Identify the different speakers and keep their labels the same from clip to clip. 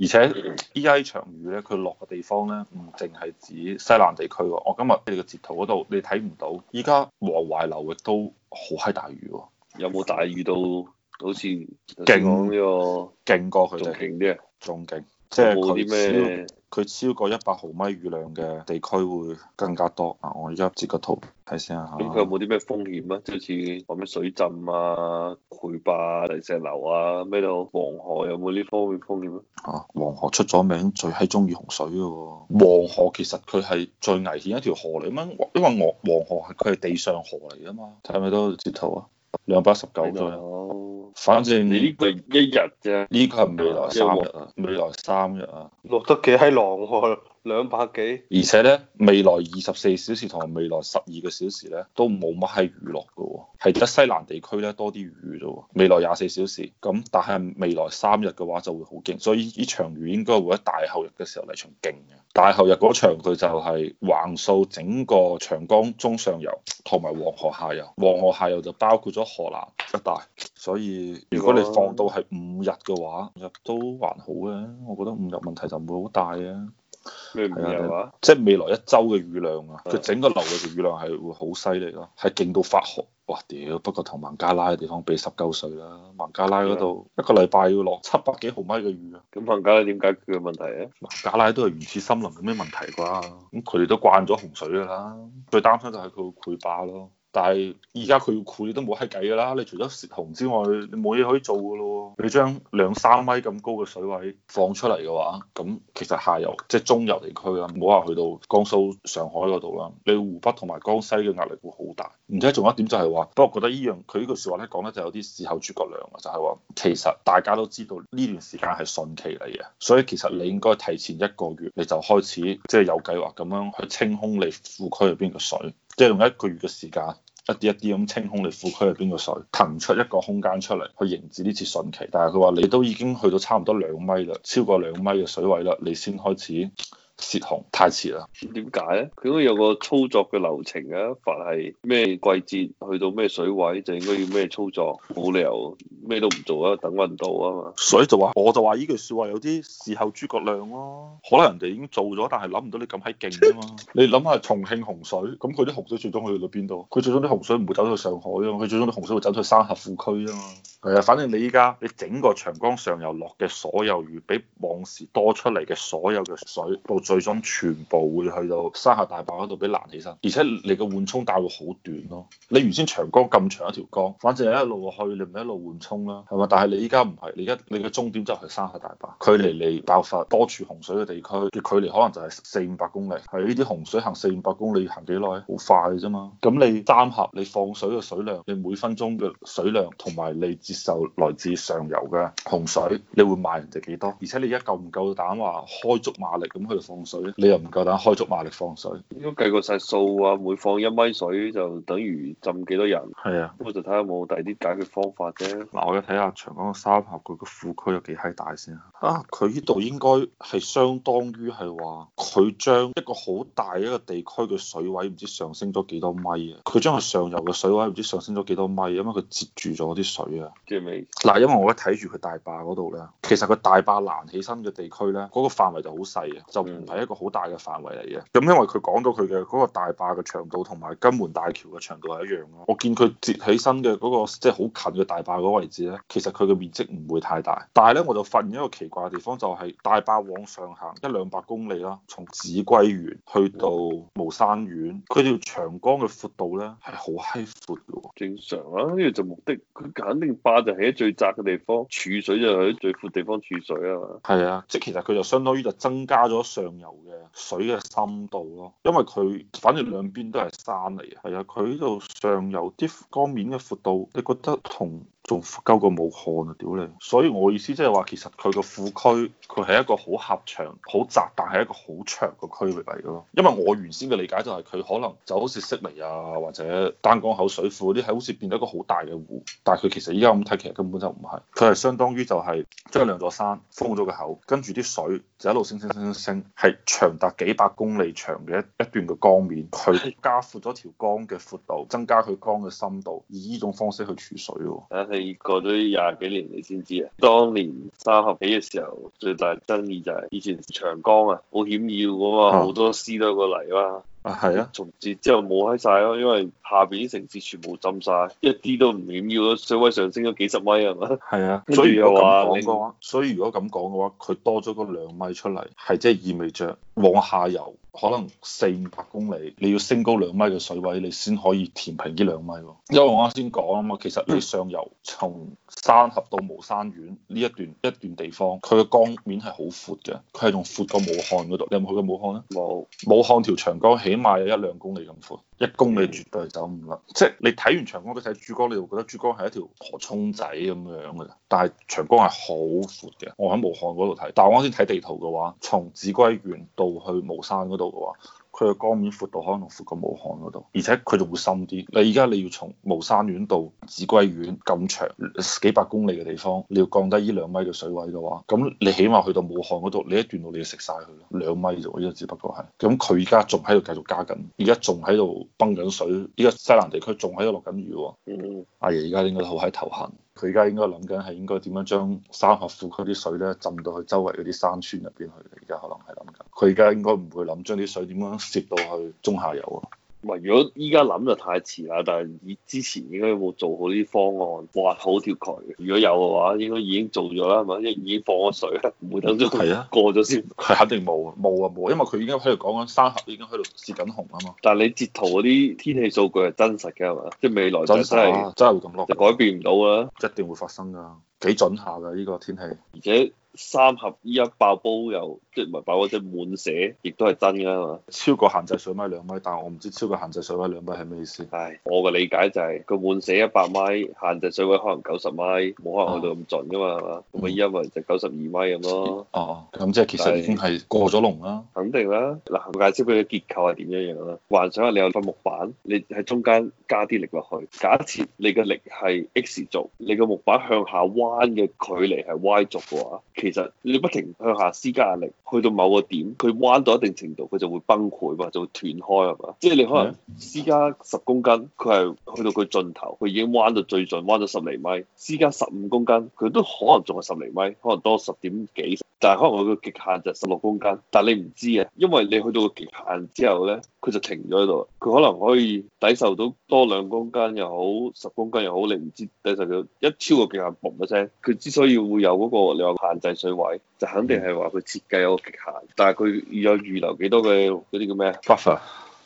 Speaker 1: 而且依家呢場雨咧，佢落嘅地方咧，唔淨係指西南地區喎、哦。我今日你個截圖嗰度你睇唔到，依家黃淮流域都好閪大雨喎、哦。有冇大雨到好似勁呢個勁過佢哋？仲勁啲啊？仲勁強。
Speaker 2: 即係是，係佢麼。
Speaker 1: 佢超過一百毫米雨量嘅地區會更加多啊！我而家截個圖睇先啊！咁佢有冇
Speaker 2: 啲咩風險咧？即好似講咩水浸啊、潰壩、泥石流啊、咩都？黃河有冇呢方面風險咧？
Speaker 1: 啊！黃河出咗名，最係中意洪水嘅喎。黃河其實佢係最危險一條河嚟，咁嘛，因為黃黃河係佢係地上河嚟啊嘛。睇咪都截圖啊？兩百十九，左右，反正你呢
Speaker 2: 個一日啫、啊，呢個係未來三日啊，
Speaker 1: 未來三日啊，
Speaker 2: 落得幾閪狼喎。兩百幾，
Speaker 1: 而且咧未來二十四小時同埋未來十二個小時咧都冇乜係雨落嘅，係得西南地區咧多啲雨啫。未來廿四小時咁、哦，但係未來三日嘅話就會好勁，所以呢場雨應該會喺大後日嘅時候嚟場勁嘅。大後日嗰場佢就係橫掃整個長江中上游同埋黃河下游，黃河下游就包括咗河南一帶。所以如果你放到係五日嘅話，五日都還好嘅，我覺得五日問題就唔會好大嘅、啊。
Speaker 2: 咩唔明
Speaker 1: 啊？即係未來一周嘅雨量啊，佢的整個流域嘅雨量係會好犀利咯，係勁到發河哇屌！不過同孟加拉嘅地方比，十九水啦。孟加拉嗰度一個禮拜要落七百幾毫米嘅雨啊，咁孟加拉點解決問題啊？孟加拉都係原始森林，有咩問題啩、啊？咁佢哋都慣咗洪水噶啦，最擔心就係佢會潰壩咯。但係而家佢要攰都冇晒計噶啦，你除咗洩洪之外，你冇嘢可以做噶咯。你將兩三米咁高嘅水位放出嚟嘅話，咁其實下游即係中游地區啊，唔好話去到江蘇上海嗰度啦，你湖北同埋江西嘅壓力會好大。而且仲有一點就係話，不過覺得依樣佢呢句說話咧講得就有啲事後諸葛亮啊，就係話其實大家都知道呢段時間係汛期嚟嘅，所以其實你應該提前一個月你就開始即係有計劃咁樣去清空你庫區入邊嘅水，即係用一個月嘅時間。一啲一啲咁清空你庫區入邊個水，騰出一個空間出嚟去迎接呢次汛期。但係佢話你都已經去到差唔多兩米啦，超過兩米嘅水位啦，你先開始泄洪，太遲啦。點解咧？
Speaker 2: 佢都有個操作嘅流程㗎、啊，凡係咩季節去到咩水位就應該要咩操作，冇理由、啊。咩都唔做啊，等運到啊嘛，所以就話我就話依句説話有啲
Speaker 1: 事後諸葛亮咯、啊，可能人哋已經做咗，但係諗唔到你咁閪勁啊嘛。你諗下重慶洪水，咁佢啲洪水最終去到邊度？佢最終啲洪水唔會走到上海啊，嘛，佢最終啲洪水會走咗去三峽庫區啊嘛。係啊，反正你依家你整個長江上游落嘅所有雨，比往時多出嚟嘅所有嘅水，到最終全部會去到三峽大壩嗰度俾攔起身，而且你個緩衝帶會好短咯、啊。你原先長江咁長一條江，反正你一路去，你唔一路緩衝啦，係嘛？但係你依家唔係，你而家你嘅終點就係三峽大壩，距離你爆發多處洪水嘅地區嘅距離可能就係四五百公里。喺呢啲洪水行四五百公里行幾耐？好快啫嘛。咁你三峽你放水嘅水量，你每分鐘嘅水量，同埋你接受來自上游嘅洪水，你會賣人哋幾多？而且你而家夠唔夠膽話開足馬力咁去放水，你又唔夠膽開足馬力放水？應
Speaker 2: 該計過曬數啊，每放一米水就等於浸幾多人？係啊，咁我就睇下有冇第二啲解決方法啫。
Speaker 1: 我睇下長江三峽佢個庫區有幾閪大先啊！啊，佢呢度應該係相當於係話，佢將一個好大一個地區嘅水位唔知上升咗幾多米啊！佢將佢上游嘅水位唔知上升咗幾多米，因為佢截住咗啲水啊！跟
Speaker 2: 住咩？嗱，因為我
Speaker 1: 一睇住佢大壩嗰度咧，其實佢大壩攔起身嘅地區咧，嗰個範圍就好細嘅，就唔係一個好大嘅範圍嚟嘅。咁因為佢講到佢嘅嗰個大壩嘅長度同埋金門大橋嘅長度係一樣咯。我見佢截起身嘅嗰個即係好近嘅大壩嗰位。其實佢嘅面積唔會太大，但係咧我就發現一個奇怪嘅地方，就係、是、大壩往上行一兩百公里啦，從秭歸縣去到巫山
Speaker 2: 縣，佢條長江嘅闊度呢係好閪闊嘅喎。正常啊，呢個就目的，佢肯定壩就喺最窄嘅地方儲水，就喺最闊地方儲水啊嘛。係啊，
Speaker 1: 即係其實佢就相當於就增加咗上游嘅水嘅深度咯，因為佢反正兩邊都係山嚟啊。係啊，佢呢度上游啲江面嘅闊度，你覺得同？仲鳩過武漢啊！屌你，所以我意思即係話，其實佢個庫區佢係一個好狹長、好窄，但係一個好長個區域嚟咯。因為我原先嘅理解就係、是、佢可能就好似悉尼啊或者丹江口水庫啲，係好似變咗一個好大嘅湖，但係佢其實依家咁睇，其實根本就唔係。佢係相當於就係、是、將兩座山封咗個口，跟住啲水。就一路升升升升升，係長達幾百公里長嘅一一段嘅江面，佢加闊咗條江嘅闊度，增加佢江嘅深度，以呢種方式去儲水
Speaker 2: 喎。啊，你過咗廿幾年你先知啊！當年三峽起嘅時候，最大爭議就係以前長江啊，好險要㗎嘛，好、嗯、多撕多個泥啦。啊，係啊，總之之後冇喺晒咯，因為下邊啲城市全部浸晒，一啲都唔緊要咯。水位上升咗幾十米係嘛？
Speaker 1: 係啊。所以又話，所以如果咁講嘅話，佢多咗個兩米出嚟，係即係意味着往下游。可能四五百公里，你要升高兩米嘅水位，你先可以填平呢兩米。因為我啱先講啊嘛，其實你上游從三峽到巫山縣呢一段一段地方，佢嘅江面係好闊嘅，佢係仲闊過武漢嗰度。你有冇去過武漢咧？有武漢條長江起碼有一兩公里咁闊。一公里絕對走唔甩。嗯，即係你睇完長江都睇珠江，你就覺得珠江係一條河涌仔咁樣嘅。但係長江係好闊嘅，我喺武漢嗰度睇，但係我啱先睇地圖嘅話，從秭歸縣到去巫山嗰度嘅話，佢嘅江面闊度可能仲闊過武漢嗰度，而且佢仲會深啲。你而家你要從巫山縣到秭歸縣咁長幾百公里嘅地方，你要降低呢兩米嘅水位嘅話，咁你起碼去到武漢嗰度，你一段路你要食晒佢咯。兩米啫，我呢個只不過係。咁佢而家仲喺度繼續加緊，而家仲喺度崩緊水，而家西南地區仲喺度落緊雨。嗯、mm。Hmm. 阿爺而家應該好喺頭痕。佢而家應該諗緊係應該點樣將三峽庫區啲水咧，浸到去周圍嗰啲山村入邊去。而家可能係諗緊，佢而家應該唔會諗將啲水點樣泄到去中下游。
Speaker 2: 唔，如果依家諗就太遲啦。但係以之前應該有冇做好啲方案，挖好條渠。如果有嘅話，應該已經做咗啦，係咪？即係已經放咗水啦，唔會等咗佢啊，過咗先。佢肯定冇，啊，冇啊冇，因為
Speaker 1: 佢已經喺度講緊三峽，已經喺度洩緊洪啊嘛。
Speaker 2: 但係你截圖嗰啲天氣數據係真實嘅係嘛？即係未來、就是、真係、啊、真係會咁囉，就改變唔到啦。一定會發生噶，
Speaker 1: 幾準下噶呢個天
Speaker 2: 氣，而且。三峽依家爆煲又即係唔係爆煲即係滿瀉，亦都係真㗎嘛？超過限制水位兩米，但係我唔知超過限制水位兩米係咩意思。唉，我嘅理解就係、是、佢滿瀉一百米，限制水位可能九十米，冇可能去到咁盡㗎嘛係嘛？咁依家咪就九十二米咁咯。哦、
Speaker 1: 嗯，咁、啊、即係其實已經係過咗龍啦。
Speaker 2: 肯定啦，嗱，我解釋俾你結構係點樣樣啦。幻想下你有塊木板，你喺中間加啲力落去。假設你嘅力係 x 軸，你個木板向下彎嘅距離係 y 軸嘅話。其實你不停向下施加壓力，去到某個點，佢彎到一定程度，佢就會崩潰嘛，就會斷開係嘛？即係你可能施加十公斤，佢係去到佢盡頭，佢已經彎到最盡，彎咗十厘米。施加十五公斤，佢都可能仲係十厘米，可能多十點幾。但係可能佢嘅極限就十六公斤，但係你唔知啊，因為你去到個極限之後咧，佢就停咗喺度。佢可能可以抵受到多兩公斤又好，十公斤又好，你唔知抵受到。一超過極限，嘣一聲。佢之所以會有嗰、嗰個你話限制水位，就肯定係話佢設計有個極限，但係佢要有預留幾多嘅嗰啲叫咩？Buffer。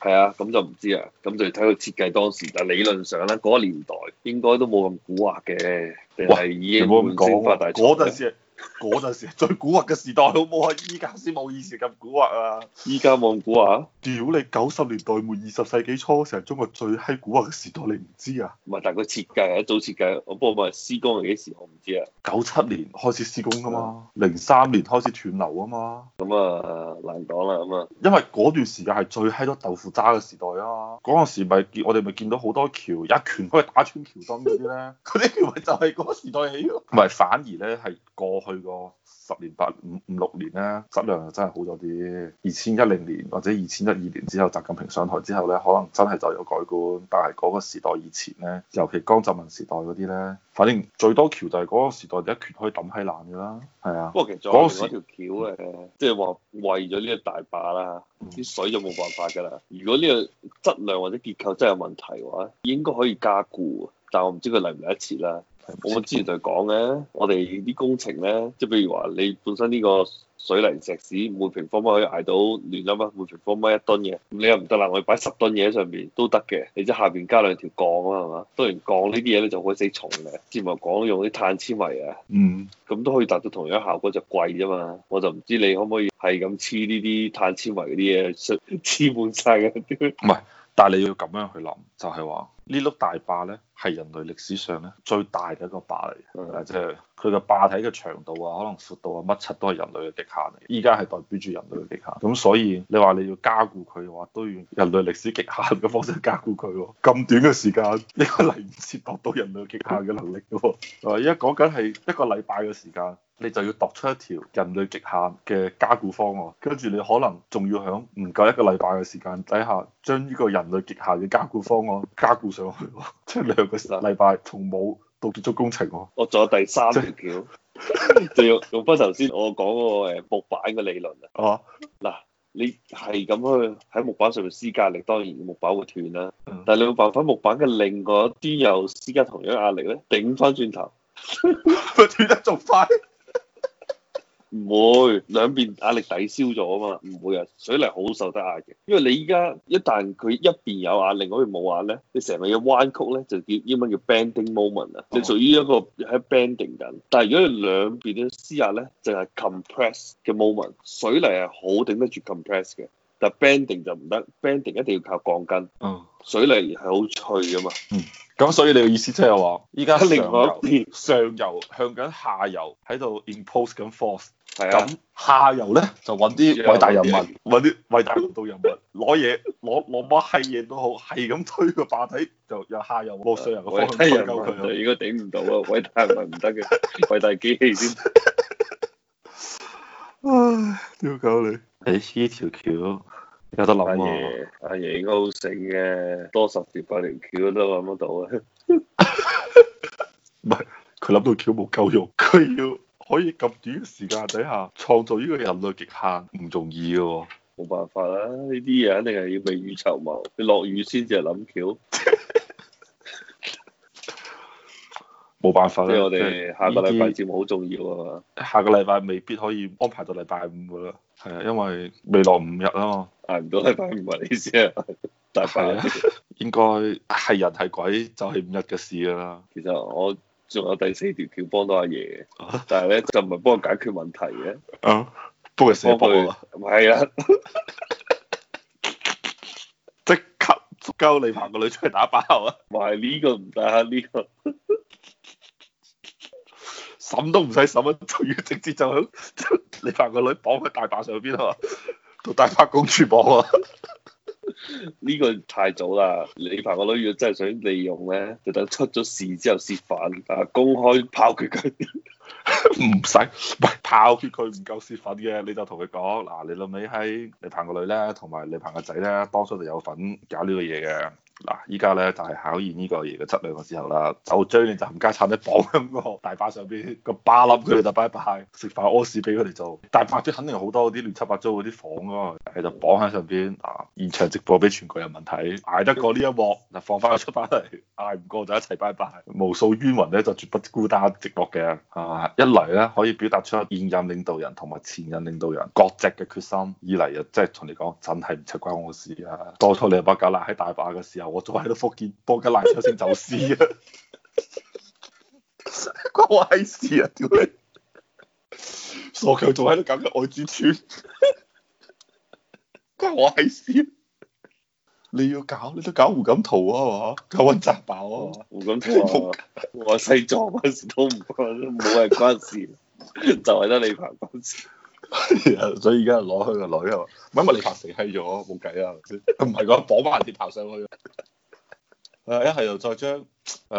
Speaker 2: 係 uff、er. 啊，咁就唔知啊，咁就要睇佢設計當時。但係理論上咧，嗰年代應該都冇咁古惑嘅，定係已經發大財。
Speaker 1: 嗰陣時最古惑嘅時代好冇啊！依家先冇以前咁古惑啊！依家望古惑，屌你九十年代末二
Speaker 2: 十世紀初成日中國，咪最閪古惑嘅時代，你唔知啊？唔係，但佢設計係一早設計，我，我不過問施工係幾時，我唔知啊。
Speaker 1: 九七年開始施工啊嘛，零三年開始斷流啊嘛，咁啊難講啦咁啊，嗯、因為嗰段時間係最閪多豆腐渣嘅時代啊！嗰陣時咪見我哋咪見到好多橋一拳可以打穿橋墩嗰啲咧，嗰啲橋咪就係嗰個時代起咯。唔係，反而咧係過去。去過十年八五五六年咧，質量就真係好咗啲。二千一零年或者二千一二年之後，習近平上台之後咧，可能真係就有改觀。但係嗰個時代以前咧，尤其江澤民時代嗰啲咧，反正最多橋就係嗰個時代一決可以抌喺爛嘅啦。係啊，不過其實另外一條
Speaker 2: 橋，即係話為咗呢個大壩啦，啲水就冇辦法㗎啦。如果呢個質量或者結構真係有問題嘅話，應該可以加固，但我唔知佢嚟唔嚟一次啦。我之前就係講咧，我哋啲工程咧，即係譬如話你本身呢個水泥石屎每平方米可以捱到亂噏乜，每平方米一噸嘅，你又唔得啦，我擺十噸嘢喺上邊都得嘅，你即下邊加兩條鋼啊，係嘛？當然鋼呢啲嘢咧就可以死重嘅，之前話講用啲碳纖維啊，嗯，咁都可以達到同樣效果，就貴啫嘛。我就唔知你可唔可以係咁黐呢啲碳纖維嗰啲嘢，黐黐滿曬嘅。唔係。
Speaker 1: 但係你要咁樣去諗，就係話呢碌大壩咧，係人類歷史上咧最大嘅一個壩嚟嘅，即係佢嘅壩體嘅長度啊，可能闊度啊，乜七都係人類嘅極限嚟。依家係代表住人類嘅極限，咁所以你話你要加固佢嘅話，都要人類歷史極限嘅方式加固佢喎。咁短嘅時間，你個嚟唔切達到人類極限嘅能力嘅喎，而家講緊係一個禮拜嘅時間。你就要度出一條人類極限嘅加固方案，跟住你可能仲要喺唔夠一個禮拜嘅時間底下，將呢個人類極限嘅加固方案加固上去，即係兩個禮拜從冇到結束工程。啊啊、
Speaker 2: 我仲有第三條，就要用翻頭先我講嗰個誒木板嘅理論啊。哦，嗱，你係咁去喺木板上面施加力，當然木板會斷啦，啊。嗯、但係你有冇辦法木板嘅另一端又施加同樣壓力咧？頂翻轉頭，佢斷得仲快。唔會，兩邊壓力抵消咗啊嘛，唔會啊，水泥好受得壓嘅，因為你依家一旦佢一邊有壓力，另外一邊冇壓咧，你成個要彎曲咧就叫英文叫 bending moment 啊，你屬於一個喺 bending 緊。但係如果你兩邊都施壓咧，就係、是、compress 嘅 moment。水泥係好頂得住 compress 嘅。但 banding 就唔得，banding 一定要靠鋼筋。嗯，水泥係好脆㗎嘛。嗯，咁所以你嘅意思即係話，依家另外一邊
Speaker 1: 上游向緊下游喺度 impose 緊 force，
Speaker 2: 咁下
Speaker 1: 游咧就揾啲偉大人物，揾啲偉大領導人物攞嘢，攞攞乜閪嘢都好，係咁推個壩體就由下游落上游嘅方向推鳩佢，應
Speaker 2: 該頂唔到啊！偉大人物唔得嘅，偉大機器先。
Speaker 1: 唉，
Speaker 2: 屌鳩你！
Speaker 1: 你呢條橋有得諗啊！阿爺，阿爺
Speaker 2: 應該好醒嘅、啊，多十條、八條橋都諗得到啊！唔 係
Speaker 1: 佢諗到橋冇夠用，
Speaker 2: 佢要可以咁短嘅時間底下創造呢個人類極限，唔容易嘅。冇辦法啦，呢啲嘢肯定係要未雨綢繆。你落雨先至諗橋，
Speaker 1: 冇 辦法啦。我哋下個禮拜節目好重要啊！下個禮拜未必可以安排到禮拜五噶啦。係啊，因為未來五日啊嘛，挨唔到係翻唔係你事啊，大
Speaker 2: 牌啊， 應該係人係鬼就係五日嘅事啦。其實我仲有第四條橋幫到阿爺，啊、但係咧就唔係幫我解決問題嘅，幫佢係啊，即刻夠你行個女出去打爆啊！唔係呢個唔得呢個。
Speaker 1: 審都唔使審啊，就要直接就響李鵬個女
Speaker 2: 綁喺大壩上邊啊，到大壩公處綁啊。呢 個太早啦，李鵬個女如果真係想利用咧，就等出咗事之後泄憤啊，公開拋決佢。唔 使，係拋決佢唔夠泄憤嘅，
Speaker 1: 你就同佢講嗱，你老尾喺李鵬個女咧，同埋李鵬個仔咧，當初就有份搞呢個嘢嘅。嗱，依家咧就係考驗呢個嘢嘅質量嘅時候啦。就將你就冚家鏟咧綁喺個大上面壩上邊，個壩粒佢哋就拜拜，食飯屙屎俾佢哋做。大把啲肯定好多啲亂七八糟嗰啲房咯，係就綁喺上邊。嗱，現場直播俾全國人民睇，捱得過呢一幕，就放翻佢出翻嚟，捱唔過就一齊拜拜。無數冤魂咧就絕不孤單直播嘅，係一嚟咧可以表達出現任領導人同埋前任領導人國籍嘅決心；二嚟又即係同你講，真係唔出關我事啊！當初你阿伯搞啦喺大壩嘅時候。我仲喺度福建幫緊爛車先走私，啊！關我閪事啊！屌你，傻強仲喺度搞緊外資村，關我閪事、啊。你要
Speaker 2: 搞，你都搞胡錦濤啊嘛？搞温家寶啊嘛！胡錦濤、啊、我細個嗰陣時都唔關，都冇人關事，就係得你排關事。
Speaker 1: 所以而家攞佢個女係嘛，唔咪你發死咗？冇計啊，唔係講綁埋人哋爬上去、啊，誒一係就再將誒、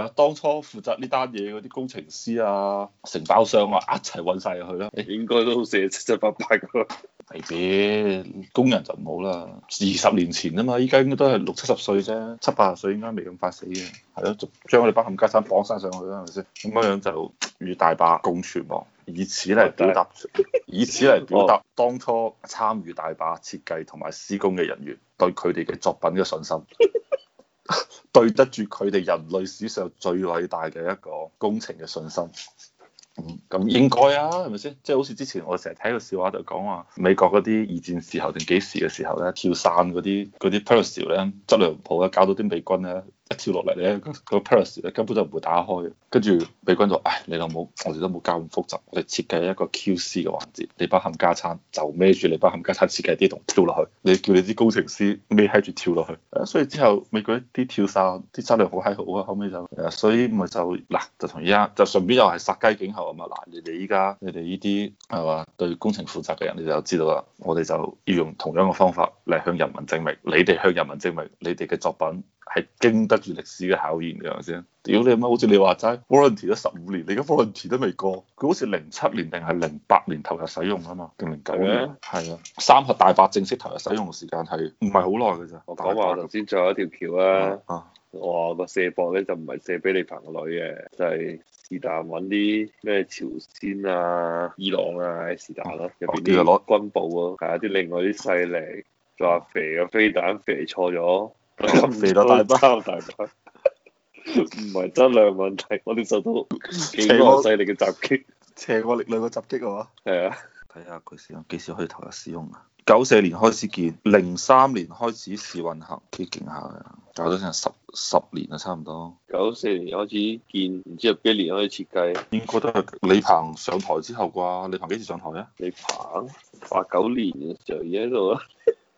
Speaker 1: 啊、當初負責呢單嘢嗰啲工程師啊、承包商啊一齊搵晒入去啦、啊，應該都死七七八八噶啦。係咩？工人就唔好啦，二十年前啊嘛，依家應該都係六七十歲啫，七八十歲應該未咁發死嘅。係咯、啊，就將我哋班冚家鏟綁晒上去啦、啊，係咪先？咁樣樣就與大壩共存亡。以此嚟表達， 以此嚟表達當初參與大壩設計同埋施工嘅人員對佢哋嘅作品嘅信心， 對得住佢哋人類史上最偉大嘅一個工程嘅信心。咁、嗯、應該啊，係咪先？即、就、係、是、好似之前我成日睇個笑話就講話美國嗰啲二戰時候定幾時嘅時候咧，跳傘嗰啲嗰啲 parachute 咧，質量唔好咧，搞到啲美軍咧。一跳落嚟咧，那個 p a r a c h 咧根本就唔會打開，跟住，李軍就：，唉，你哋冇，我哋都冇教咁複雜，我哋設計一個 Q C 嘅環節。你包含加餐就孭住，你包含加餐設計啲同跳落去。你叫你啲高程師孭住跳落去。所以之後，美國一啲跳傘啲質量好閪好啊。後尾就，所以咪就嗱，就同而家就順便又係殺雞儆猴啊嘛。嗱，你哋依家你哋呢啲係嘛對工程負責嘅人，你就知道啦。我哋就要用同樣嘅方法嚟向人民證明，你哋向人民證明你哋嘅作品係經得住歷史嘅考驗，你話先？屌你媽！好似你話齋，warranty 都十五年，你而家 warranty 都未過。佢好似零七年定係零八年投入使用啊嘛？定零九年？係嗎啊，三峽大壩正式投入使用嘅時間係唔係好耐嘅咋？我講話我
Speaker 2: 頭先仲有一條橋啊！啊！哇、啊！個射博咧就唔係射俾你朋個女嘅，就係是但揾啲咩朝鮮啊、伊朗啊、是但咯，入邊啲攞軍部啊，係啊，啲另外啲勢力，仲話肥嘅飛彈肥錯咗。咁肥到大包大袋，唔係質量問題，我哋受到幾多勢力嘅襲擊邪，邪惡力量嘅襲擊喎，係啊，睇下佢先，幾
Speaker 1: 時可以投入使用啊？九四年開始建，零三年開始試運行，幾勁下嘅，搞咗成十十年啊，差唔多。
Speaker 2: 九四年開始建，唔知入幾年
Speaker 1: 開始設計，應該都係李鵬上台之後啩？李鵬幾時上台呀？李鵬八九年嘅時候，而喺度啊。